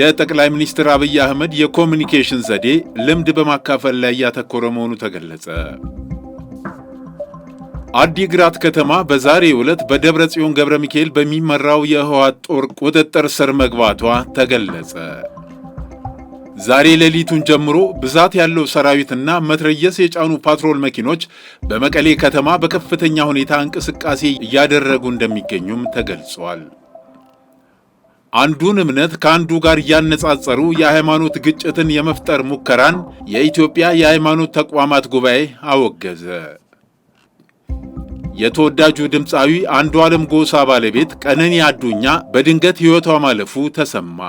የጠቅላይ ሚኒስትር አብይ አህመድ የኮሚኒኬሽን ዘዴ ልምድ በማካፈል ላይ እያተኮረ መሆኑ ተገለጸ። አዲግራት ከተማ በዛሬ ዕለት በደብረ ጽዮን ገብረ ሚካኤል በሚመራው የህወሓት ጦር ቁጥጥር ስር መግባቷ ተገለጸ። ዛሬ ሌሊቱን ጀምሮ ብዛት ያለው ሰራዊትና መትረየስ የጫኑ ፓትሮል መኪኖች በመቀሌ ከተማ በከፍተኛ ሁኔታ እንቅስቃሴ እያደረጉ እንደሚገኙም ተገልጿል። አንዱን እምነት ከአንዱ ጋር እያነጻጸሩ የሃይማኖት ግጭትን የመፍጠር ሙከራን የኢትዮጵያ የሃይማኖት ተቋማት ጉባኤ አወገዘ። የተወዳጁ ድምፃዊ ዓለም ጎሳ ባለቤት ቀነኒ አዱኛ በድንገት ሕይወቷ ማለፉ ተሰማ።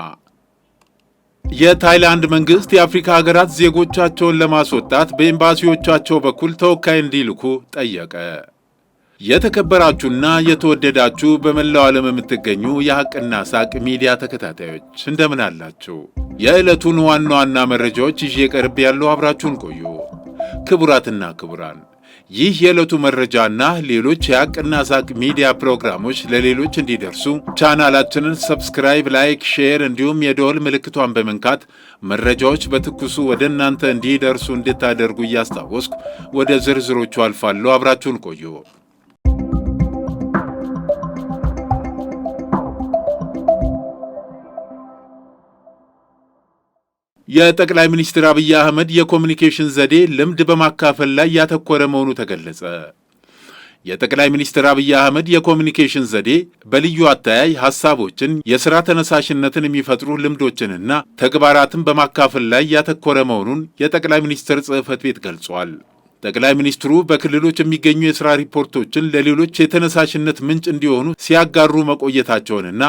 የታይላንድ መንግሥት የአፍሪካ ሀገራት ዜጎቻቸውን ለማስወጣት በኤምባሲዎቻቸው በኩል ተወካይ እንዲልኩ ጠየቀ። የተከበራችሁና የተወደዳችሁ በመላው ዓለም የምትገኙ የሐቅና ሳቅ ሚዲያ ተከታታዮች እንደምን አላችሁ? የዕለቱን ዋና ዋና መረጃዎች ይዤ ቀርብ ያለው አብራችሁን ቆዩ። ክቡራትና ክቡራን፣ ይህ የዕለቱ መረጃና ሌሎች የሐቅና ሳቅ ሚዲያ ፕሮግራሞች ለሌሎች እንዲደርሱ ቻናላችንን ሰብስክራይብ፣ ላይክ፣ ሼር እንዲሁም የደወል ምልክቷን በመንካት መረጃዎች በትኩሱ ወደ እናንተ እንዲደርሱ እንድታደርጉ እያስታወስኩ ወደ ዝርዝሮቹ አልፋለሁ። አብራችሁን ቆዩ። የጠቅላይ ሚኒስትር አብይ አህመድ የኮሚኒኬሽን ዘዴ ልምድ በማካፈል ላይ ያተኮረ መሆኑ ተገለጸ። የጠቅላይ ሚኒስትር አብይ አህመድ የኮሚኒኬሽን ዘዴ በልዩ አተያይ ሐሳቦችን፣ የሥራ ተነሳሽነትን የሚፈጥሩ ልምዶችንና ተግባራትን በማካፈል ላይ ያተኮረ መሆኑን የጠቅላይ ሚኒስትር ጽሕፈት ቤት ገልጿል። ጠቅላይ ሚኒስትሩ በክልሎች የሚገኙ የስራ ሪፖርቶችን ለሌሎች የተነሳሽነት ምንጭ እንዲሆኑ ሲያጋሩ መቆየታቸውንና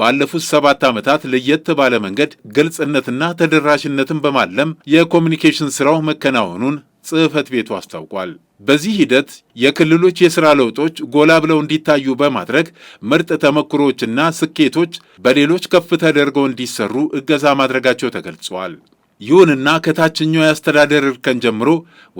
ባለፉት ሰባት ዓመታት ለየት ባለ መንገድ ግልጽነትና ተደራሽነትን በማለም የኮሚኒኬሽን ስራው መከናወኑን ጽህፈት ቤቱ አስታውቋል። በዚህ ሂደት የክልሎች የሥራ ለውጦች ጎላ ብለው እንዲታዩ በማድረግ ምርጥ ተመክሮዎችና ስኬቶች በሌሎች ከፍ ተደርገው እንዲሰሩ እገዛ ማድረጋቸው ተገልጿል። ይሁንና ከታችኛው የአስተዳደር እርከን ጀምሮ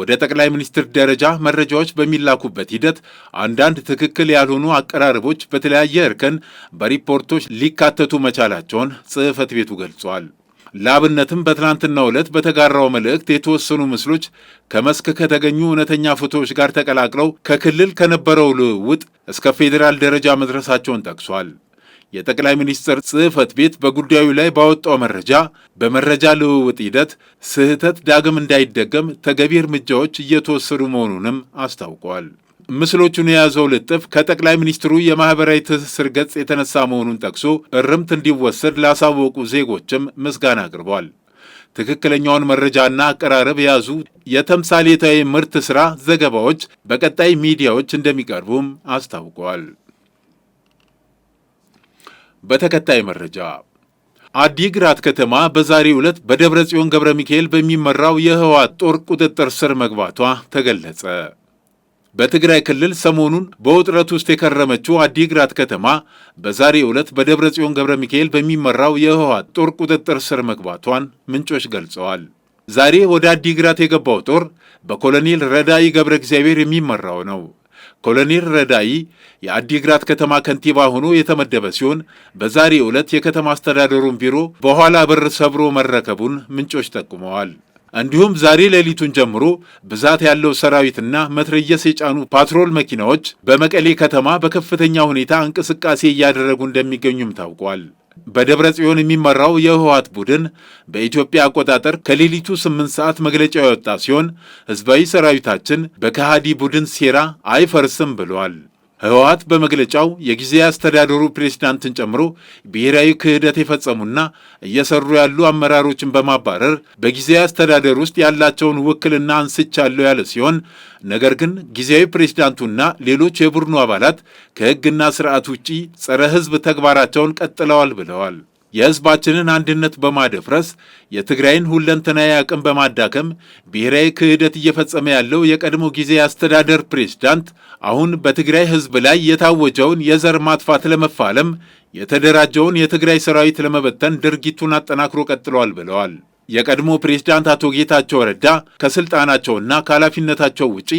ወደ ጠቅላይ ሚኒስትር ደረጃ መረጃዎች በሚላኩበት ሂደት አንዳንድ ትክክል ያልሆኑ አቀራረቦች በተለያየ እርከን በሪፖርቶች ሊካተቱ መቻላቸውን ጽሕፈት ቤቱ ገልጿል። ለአብነትም በትናንትናው ዕለት በተጋራው መልእክት የተወሰኑ ምስሎች ከመስክ ከተገኙ እውነተኛ ፎቶዎች ጋር ተቀላቅለው ከክልል ከነበረው ልውውጥ እስከ ፌዴራል ደረጃ መድረሳቸውን ጠቅሷል። የጠቅላይ ሚኒስትር ጽህፈት ቤት በጉዳዩ ላይ ባወጣው መረጃ በመረጃ ልውውጥ ሂደት ስህተት ዳግም እንዳይደገም ተገቢ እርምጃዎች እየተወሰዱ መሆኑንም አስታውቋል። ምስሎቹን የያዘው ልጥፍ ከጠቅላይ ሚኒስትሩ የማኅበራዊ ትስስር ገጽ የተነሳ መሆኑን ጠቅሶ እርምት እንዲወሰድ ላሳወቁ ዜጎችም ምስጋና አቅርቧል። ትክክለኛውን መረጃና አቀራረብ የያዙ የተምሳሌታዊ ምርት ሥራ ዘገባዎች በቀጣይ ሚዲያዎች እንደሚቀርቡም አስታውቀዋል። በተከታይ መረጃ አዲግራት ከተማ በዛሬ ዕለት በደብረ ጽዮን ገብረ ሚካኤል በሚመራው የህወሓት ጦር ቁጥጥር ስር መግባቷ ተገለጸ። በትግራይ ክልል ሰሞኑን በውጥረት ውስጥ የከረመችው አዲግራት ከተማ በዛሬ ዕለት በደብረ ጽዮን ገብረ ሚካኤል በሚመራው የህወሓት ጦር ቁጥጥር ስር መግባቷን ምንጮች ገልጸዋል። ዛሬ ወደ አዲግራት የገባው ጦር በኮሎኔል ረዳኢ ገብረ እግዚአብሔር የሚመራው ነው። ኮሎኔል ረዳይ የአዲግራት ከተማ ከንቲባ ሆኖ የተመደበ ሲሆን በዛሬ ዕለት የከተማ አስተዳደሩን ቢሮ በኋላ በር ሰብሮ መረከቡን ምንጮች ጠቁመዋል። እንዲሁም ዛሬ ሌሊቱን ጀምሮ ብዛት ያለው ሰራዊትና መትረየስ የጫኑ ፓትሮል መኪናዎች በመቀሌ ከተማ በከፍተኛ ሁኔታ እንቅስቃሴ እያደረጉ እንደሚገኙም ታውቋል። በደብረ ጽዮን የሚመራው የህወሓት ቡድን በኢትዮጵያ አቆጣጠር ከሌሊቱ ስምንት ሰዓት መግለጫ የወጣ ሲሆን ህዝባዊ ሰራዊታችን በከሃዲ ቡድን ሴራ አይፈርስም ብሏል። ህወሓት በመግለጫው የጊዜያዊ አስተዳደሩ ፕሬዚዳንትን ጨምሮ ብሔራዊ ክህደት የፈጸሙና እየሰሩ ያሉ አመራሮችን በማባረር በጊዜያዊ አስተዳደር ውስጥ ያላቸውን ውክልና አንስቻለሁ ያለ ሲሆን ነገር ግን ጊዜያዊ ፕሬዚዳንቱና ሌሎች የቡድኑ አባላት ከህግና ስርዓት ውጪ ጸረ ህዝብ ተግባራቸውን ቀጥለዋል ብለዋል። የሕዝባችንን አንድነት በማደፍረስ የትግራይን ሁለንተናዊ አቅም በማዳከም ብሔራዊ ክህደት እየፈጸመ ያለው የቀድሞ ጊዜ አስተዳደር ፕሬዝዳንት አሁን በትግራይ ሕዝብ ላይ የታወጀውን የዘር ማጥፋት ለመፋለም የተደራጀውን የትግራይ ሰራዊት ለመበተን ድርጊቱን አጠናክሮ ቀጥሏል ብለዋል። የቀድሞ ፕሬዝዳንት አቶ ጌታቸው ረዳ ከስልጣናቸውና ከኃላፊነታቸው ውጪ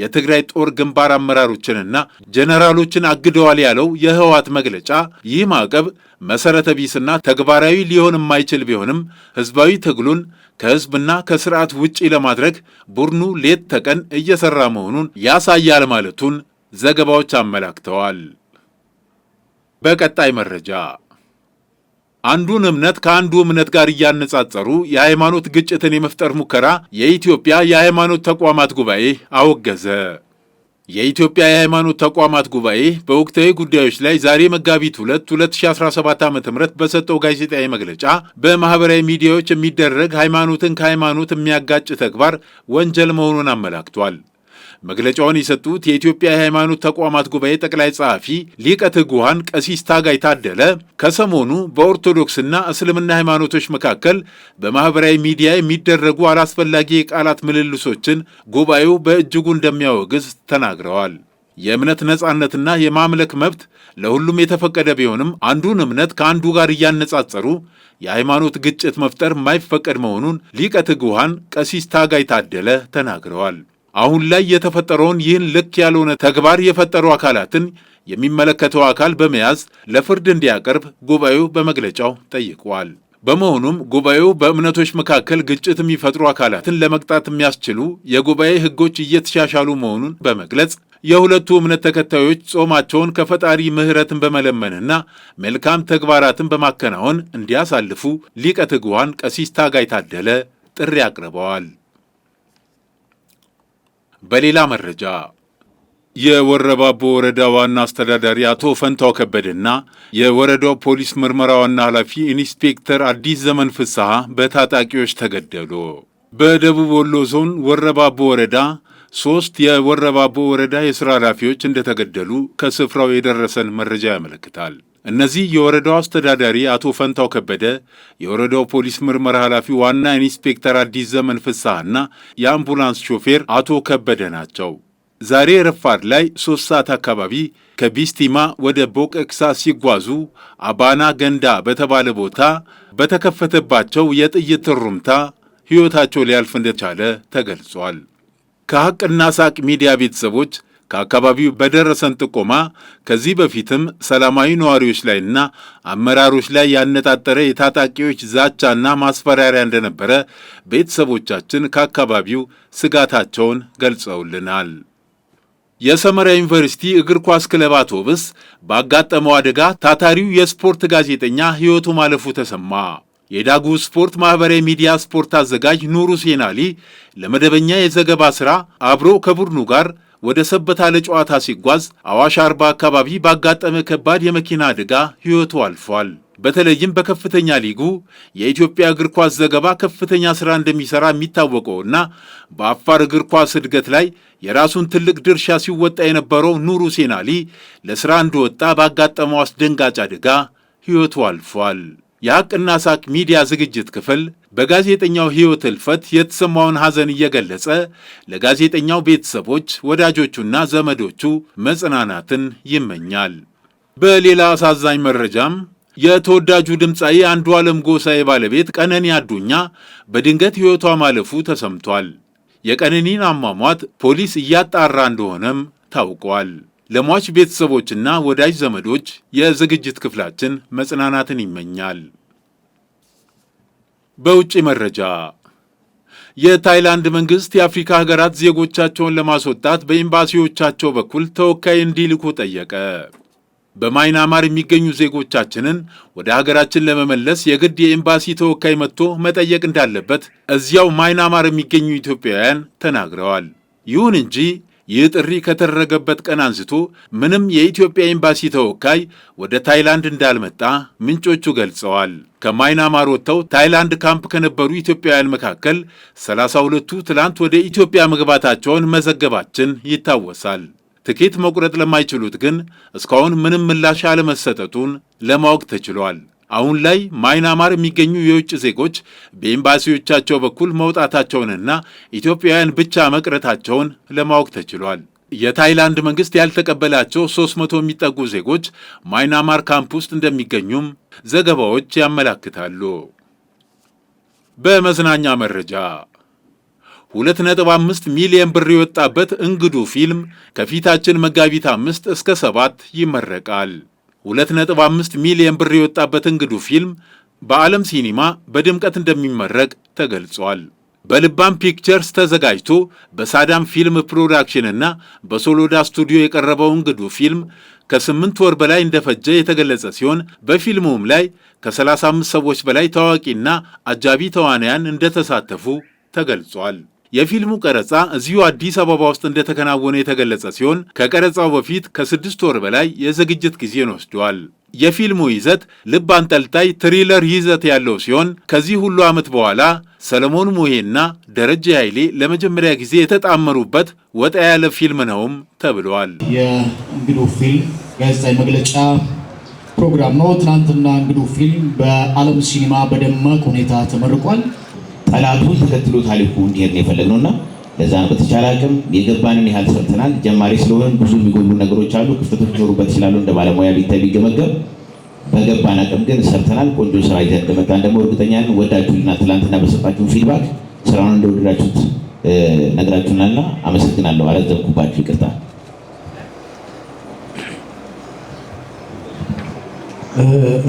የትግራይ ጦር ግንባር አመራሮችንና ጀነራሎችን አግደዋል ያለው የህወሓት መግለጫ ይህ ማዕቀብ መሰረተ ቢስና ተግባራዊ ሊሆን የማይችል ቢሆንም ህዝባዊ ትግሉን ከህዝብና ከስርዓት ውጪ ለማድረግ ቡድኑ ሌት ተቀን እየሰራ መሆኑን ያሳያል ማለቱን ዘገባዎች አመላክተዋል። በቀጣይ መረጃ አንዱን እምነት ከአንዱ እምነት ጋር እያነጻጸሩ የሃይማኖት ግጭትን የመፍጠር ሙከራ የኢትዮጵያ የሃይማኖት ተቋማት ጉባኤ አወገዘ። የኢትዮጵያ የሃይማኖት ተቋማት ጉባኤ በወቅታዊ ጉዳዮች ላይ ዛሬ መጋቢት 2 2017 ዓ ም በሰጠው ጋዜጣዊ መግለጫ በማኅበራዊ ሚዲያዎች የሚደረግ ሃይማኖትን ከሃይማኖት የሚያጋጭ ተግባር ወንጀል መሆኑን አመላክቷል። መግለጫውን የሰጡት የኢትዮጵያ የሃይማኖት ተቋማት ጉባኤ ጠቅላይ ጸሐፊ ሊቀ ትጉሃን ቀሲስ ታጋይ ታደለ ከሰሞኑ በኦርቶዶክስና እስልምና ሃይማኖቶች መካከል በማኅበራዊ ሚዲያ የሚደረጉ አላስፈላጊ የቃላት ምልልሶችን ጉባኤው በእጅጉ እንደሚያወግዝ ተናግረዋል። የእምነት ነጻነትና የማምለክ መብት ለሁሉም የተፈቀደ ቢሆንም አንዱን እምነት ከአንዱ ጋር እያነጻጸሩ የሃይማኖት ግጭት መፍጠር የማይፈቀድ መሆኑን ሊቀ ትጉሃን ቀሲስ ታጋይ ታደለ ተናግረዋል። አሁን ላይ የተፈጠረውን ይህን ልክ ያልሆነ ተግባር የፈጠሩ አካላትን የሚመለከተው አካል በመያዝ ለፍርድ እንዲያቀርብ ጉባኤው በመግለጫው ጠይቋል። በመሆኑም ጉባኤው በእምነቶች መካከል ግጭት የሚፈጥሩ አካላትን ለመቅጣት የሚያስችሉ የጉባኤ ሕጎች እየተሻሻሉ መሆኑን በመግለጽ የሁለቱ እምነት ተከታዮች ጾማቸውን ከፈጣሪ ምሕረትን በመለመንና መልካም ተግባራትን በማከናወን እንዲያሳልፉ ሊቀ ትጉሃን ቀሲስ ታጋይ ታደለ ጥሪ አቅርበዋል። በሌላ መረጃ የወረባቦ ወረዳ ዋና አስተዳዳሪ አቶ ፈንታው ከበደና የወረዳው ፖሊስ ምርመራ ዋና ኃላፊ ኢንስፔክተር አዲስ ዘመን ፍስሐ በታጣቂዎች ተገደሉ። በደቡብ ወሎ ዞን ወረባቦ ወረዳ ሶስት የወረባቦ ወረዳ የሥራ ኃላፊዎች እንደተገደሉ ከስፍራው የደረሰን መረጃ ያመለክታል። እነዚህ የወረዳው አስተዳዳሪ አቶ ፈንታው ከበደ፣ የወረዳው ፖሊስ ምርመራ ኃላፊ ዋና ኢንስፔክተር አዲስ ዘመን ፍስሐና የአምቡላንስ ሾፌር አቶ ከበደ ናቸው። ዛሬ ረፋድ ላይ ሦስት ሰዓት አካባቢ ከቢስቲማ ወደ ቦቀቅሳ ሲጓዙ አባና ገንዳ በተባለ ቦታ በተከፈተባቸው የጥይት ትሩምታ ሕይወታቸው ሊያልፍ እንደቻለ ተገልጿል። ከሐቅና ሳቅ ሚዲያ ቤተሰቦች ከአካባቢው በደረሰን ጥቆማ ከዚህ በፊትም ሰላማዊ ነዋሪዎች ላይና አመራሮች ላይ ያነጣጠረ የታጣቂዎች ዛቻና ማስፈራሪያ እንደነበረ ቤተሰቦቻችን ከአካባቢው ስጋታቸውን ገልጸውልናል። የሰመራ ዩኒቨርሲቲ እግር ኳስ ክለብ አውቶብስ ባጋጠመው አደጋ ታታሪው የስፖርት ጋዜጠኛ ሕይወቱ ማለፉ ተሰማ። የዳጉ ስፖርት ማኅበራዊ ሚዲያ ስፖርት አዘጋጅ ኑር ሁሴን አሊ ለመደበኛ የዘገባ ሥራ አብሮ ከቡድኑ ጋር ወደ ሰበታ ለጨዋታ ሲጓዝ አዋሽ አርባ አካባቢ ባጋጠመ ከባድ የመኪና አደጋ ሕይወቱ አልፏል። በተለይም በከፍተኛ ሊጉ የኢትዮጵያ እግር ኳስ ዘገባ ከፍተኛ ሥራ እንደሚሠራ የሚታወቀውና በአፋር እግር ኳስ እድገት ላይ የራሱን ትልቅ ድርሻ ሲወጣ የነበረው ኑሩ ሁሴን አሊ ለሥራ እንደወጣ ባጋጠመው አስደንጋጭ አደጋ ሕይወቱ አልፏል። የሐቅና ሳቅ ሚዲያ ዝግጅት ክፍል በጋዜጠኛው ሕይወት ህልፈት የተሰማውን ሐዘን እየገለጸ ለጋዜጠኛው ቤተሰቦች፣ ወዳጆቹና ዘመዶቹ መጽናናትን ይመኛል። በሌላ አሳዛኝ መረጃም የተወዳጁ ድምፃዊ አንዱ ዓለም ጎሳዬ ባለቤት ቀነኒ አዱኛ በድንገት ሕይወቷ ማለፉ ተሰምቷል። የቀነኒን አሟሟት ፖሊስ እያጣራ እንደሆነም ታውቋል። ለሟች ቤተሰቦችና ወዳጅ ዘመዶች የዝግጅት ክፍላችን መጽናናትን ይመኛል። በውጭ መረጃ የታይላንድ መንግስት የአፍሪካ ሀገራት ዜጎቻቸውን ለማስወጣት በኤምባሲዎቻቸው በኩል ተወካይ እንዲልኩ ጠየቀ። በማይናማር የሚገኙ ዜጎቻችንን ወደ ሀገራችን ለመመለስ የግድ የኤምባሲ ተወካይ መጥቶ መጠየቅ እንዳለበት እዚያው ማይናማር የሚገኙ ኢትዮጵያውያን ተናግረዋል። ይሁን እንጂ ይህ ጥሪ ከተደረገበት ቀን አንስቶ ምንም የኢትዮጵያ ኤምባሲ ተወካይ ወደ ታይላንድ እንዳልመጣ ምንጮቹ ገልጸዋል። ከማይናማር ወጥተው ታይላንድ ካምፕ ከነበሩ ኢትዮጵያውያን መካከል 32ቱ ትላንት ወደ ኢትዮጵያ መግባታቸውን መዘገባችን ይታወሳል። ትኬት መቁረጥ ለማይችሉት ግን እስካሁን ምንም ምላሽ አለመሰጠቱን ለማወቅ ተችሏል። አሁን ላይ ማይናማር የሚገኙ የውጭ ዜጎች በኤምባሲዎቻቸው በኩል መውጣታቸውንና ኢትዮጵያውያን ብቻ መቅረታቸውን ለማወቅ ተችሏል። የታይላንድ መንግስት ያልተቀበላቸው 300 የሚጠጉ ዜጎች ማይናማር ካምፕ ውስጥ እንደሚገኙም ዘገባዎች ያመላክታሉ። በመዝናኛ መረጃ 2.5 ሚሊዮን ብር የወጣበት እንግዱ ፊልም ከፊታችን መጋቢት አምስት እስከ ሰባት ይመረቃል። 2.5 ሚሊዮን ብር የወጣበት እንግዱ ፊልም በዓለም ሲኒማ በድምቀት እንደሚመረቅ ተገልጿል። በልባም ፒክቸርስ ተዘጋጅቶ በሳዳም ፊልም ፕሮዳክሽንና በሶሎዳ ስቱዲዮ የቀረበው እንግዱ ፊልም ከስምንት ወር በላይ እንደፈጀ የተገለጸ ሲሆን በፊልሙም ላይ ከ35 ሰዎች በላይ ታዋቂና አጃቢ ተዋናያን እንደተሳተፉ ተገልጿል። የፊልሙ ቀረጻ እዚሁ አዲስ አበባ ውስጥ እንደተከናወነ የተገለጸ ሲሆን ከቀረጻው በፊት ከስድስት ወር በላይ የዝግጅት ጊዜን ወስዷል። የፊልሙ ይዘት ልብ አንጠልጣይ ትሪለር ይዘት ያለው ሲሆን ከዚህ ሁሉ ዓመት በኋላ ሰለሞን ሙሄና ደረጀ ኃይሌ ለመጀመሪያ ጊዜ የተጣመሩበት ወጣ ያለ ፊልም ነውም ተብሏል። የእንግዱ ፊልም ጋዜጣዊ መግለጫ ፕሮግራም ነው። ትናንትና እንግዱ ፊልም በዓለም ሲኒማ በደማቅ ሁኔታ ተመርቋል። ጠላቱ ተከትሎ ታሪኩ እንዲሄድ ነው የፈለግነው እና ለዛ በተቻለ አቅም የገባንን ያህል ሰርተናል። ጀማሪ ስለሆነ ብዙ የሚጎሉ ነገሮች አሉ፣ ክፍተቶች ሊኖሩበት ይችላሉ። እንደ ባለሙያ ቢታይ ቢገመገም፣ በገባን አቅም ግን ሰርተናል። ቆንጆ ስራ ይዘን እንደመጣን ደግሞ እርግጠኛ ነን። ወዳችሁና ትናንትና በሰጣችሁን ፊድባክ ስራውን እንደወደዳችሁት ነግራችሁናልና አመሰግናለሁ። አረዘምኩባችሁ፣ ይቅርታ።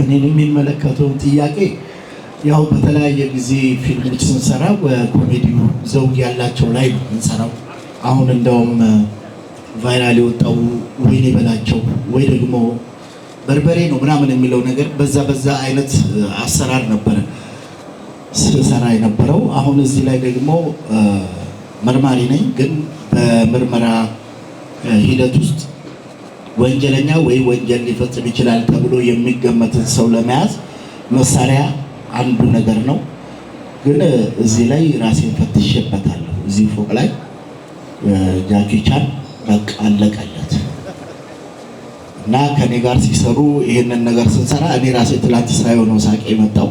እኔን የሚመለከተውን ጥያቄ ያው በተለያየ ጊዜ ፊልሞች ስንሰራ በኮሜዲው ዘውግ ያላቸው ላይ ነው የምንሰራው። አሁን እንደውም ቫይራል የወጣው ወይኔ በላቸው ወይ ደግሞ በርበሬ ነው ምናምን የሚለው ነገር በዛ በዛ አይነት አሰራር ነበረ ስሰራ የነበረው። አሁን እዚህ ላይ ደግሞ መርማሪ ነኝ፣ ግን በምርመራ ሂደት ውስጥ ወንጀለኛ ወይ ወንጀል ሊፈጽም ይችላል ተብሎ የሚገመትን ሰው ለመያዝ መሳሪያ አንዱ ነገር ነው። ግን እዚህ ላይ ራሴን ፈትሼበታለሁ። እዚህ ፎቅ ላይ ጃኪ ቻን በቃ አለቀለት እና ከኔ ጋር ሲሰሩ ይሄንን ነገር ስንሰራ እኔ ራሴ ትላንት ሳየው ነው ሳቄ የመጣው።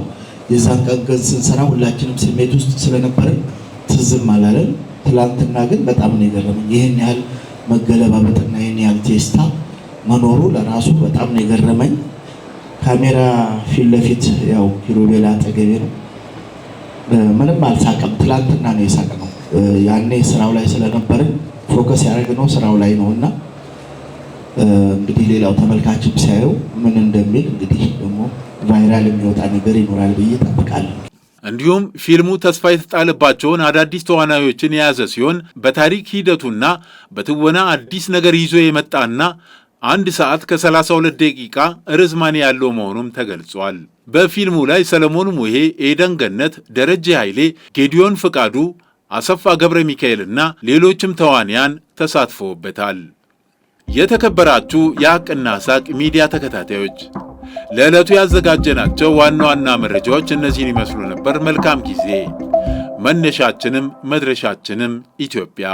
የዛን ቀን ግን ስንሰራ ሁላችንም ስሜት ውስጥ ስለነበርን ትዝም አላለን። ትላንትና ግን በጣም ነው የገረመኝ። ይህን ያህል መገለባበጥና ይህን ያህል ቴስታ መኖሩ ለራሱ በጣም ነው የገረመኝ። ካሜራ ፊት ለፊት ያው ኪሩቤል አጠገቤ ነው። ምንም አልሳቅም። ትላንትና ነው የሳቅ ነው። ያኔ ስራው ላይ ስለነበርን ፎከስ ነው ስራው ላይ ነው እና እንግዲህ ሌላው ተመልካችም ሲያየው ምን እንደሚል እንግዲህ ደግሞ ቫይራል የሚወጣ ነገር ይኖራል ብዬ እጠብቃለሁ። እንዲሁም ፊልሙ ተስፋ የተጣለባቸውን አዳዲስ ተዋናዮችን የያዘ ሲሆን በታሪክ ሂደቱና በትወና አዲስ ነገር ይዞ የመጣና አንድ ሰዓት ከ32 ደቂቃ ርዝማኔ ያለው መሆኑም ተገልጿል። በፊልሙ ላይ ሰለሞን ሙሄ፣ ኤደን ገነት፣ ደረጀ ኃይሌ፣ ጌዲዮን ፍቃዱ፣ አሰፋ ገብረ ሚካኤልና ሌሎችም ተዋንያን ተሳትፈውበታል። የተከበራችሁ የሐቅና ሳቅ ሚዲያ ተከታታዮች ለዕለቱ ያዘጋጀናቸው ዋና ዋና መረጃዎች እነዚህን ይመስሉ ነበር። መልካም ጊዜ። መነሻችንም መድረሻችንም ኢትዮጵያ።